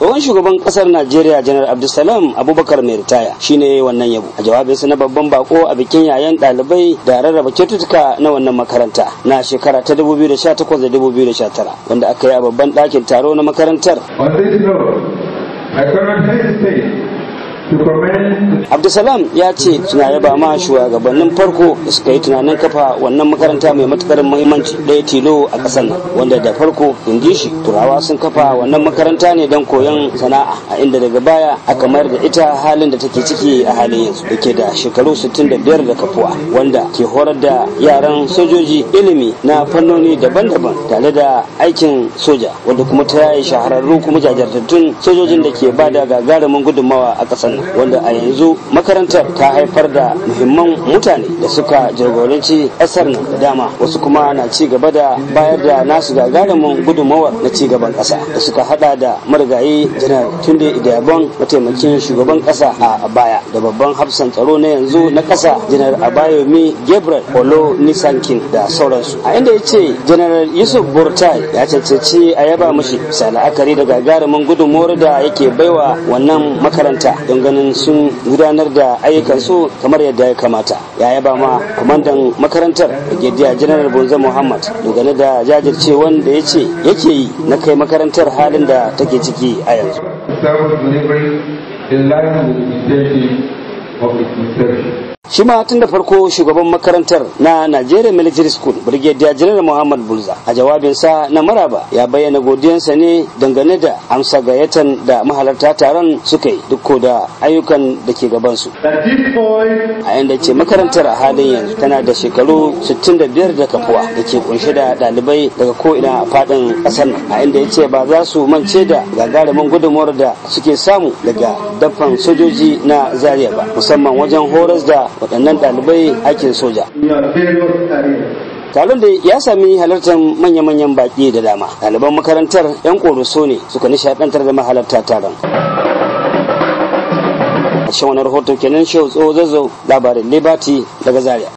Tsohon shugaban kasar Najeriya Janar Abdulsalam Abubakar mai ritaya shine wannan yabo a jawabinsa na babban bako a bikin yayan ɗalibai da rarraba kyaututtuka na wannan makaranta na shekara ta 2018 da 2019 wanda aka yi a babban ɗakin taro na makarantar. On this note, I Abdulsalam ya ce suna yaba ma shugabannin farko da suka yi tunanin kafa wannan makaranta mai matukar muhimmanci ɗaya tilo a ƙasar nan wanda da farko inji shi turawa sun kafa wannan makaranta ne don koyon sana'a a inda daga baya aka mayar da ita halin da take ciki a halin yanzu da ke da shekaru 65 da kafuwa wanda ke horar da yaran sojoji ilimi na fannoni daban-daban tare da aikin soja wanda kuma ta yi shahararru kuma jajirtattun sojojin da ke bada gagarumin gudunmawa a ƙasar wanda a yanzu makarantar ta haifar da muhimman mutane da suka jagoranci ƙasar nan da dama wasu kuma na ci gaba da bayar da nasu gagarumin gudunmawar na ci gaban ƙasa da suka hada da marigayi janar tunde idabon mataimakin shugaban ƙasa a baya da babban hafsan tsaro na yanzu na ƙasa janar abayomi gabriel olo nisankin da sauransu a inda ya ce janar yusuf burtai ya cancanci a yaba mashi sa la'akari da gagarumin gudunmawar da yake baiwa wannan makaranta don ganin sun gudanar da ayyukan su kamar yadda ya kamata ya yaba ma kwamandan makarantar gidiya janaral bonza muhammad dogane da jajirce wanda ya ce yake yi na kai makarantar halin da take ciki a yanzu. in line with the of its shi ma tun da farko shugaban makarantar na Nigeria Military School Brigadier General Muhammad Bulza a jawabinsa na maraba ya bayyana godiyansa ne dangane da amsa gayyatan da mahalarta taron suka yi duk da ayyukan da ke gabansu. A yanda ce makarantar a halin yanzu tana da shekaru 65 da kafuwa da ke kunshe da ɗalibai daga ko'ina a faɗin ƙasar nan a inda ya ce ba za su mance da gagarumin gudunmuwar da suke samu daga dafan sojoji na Zaria ba musamman wajen horas da waɗannan ɗalibai aikin soja. taron da ya sami halartar manya-manyan baƙi da dama ɗaliban makarantar 'yan ƙoroso ne suka nishaɗantar da mahalarta taron a wani rahoto kenan shehu tsoho zazzau labarin liberty daga zaria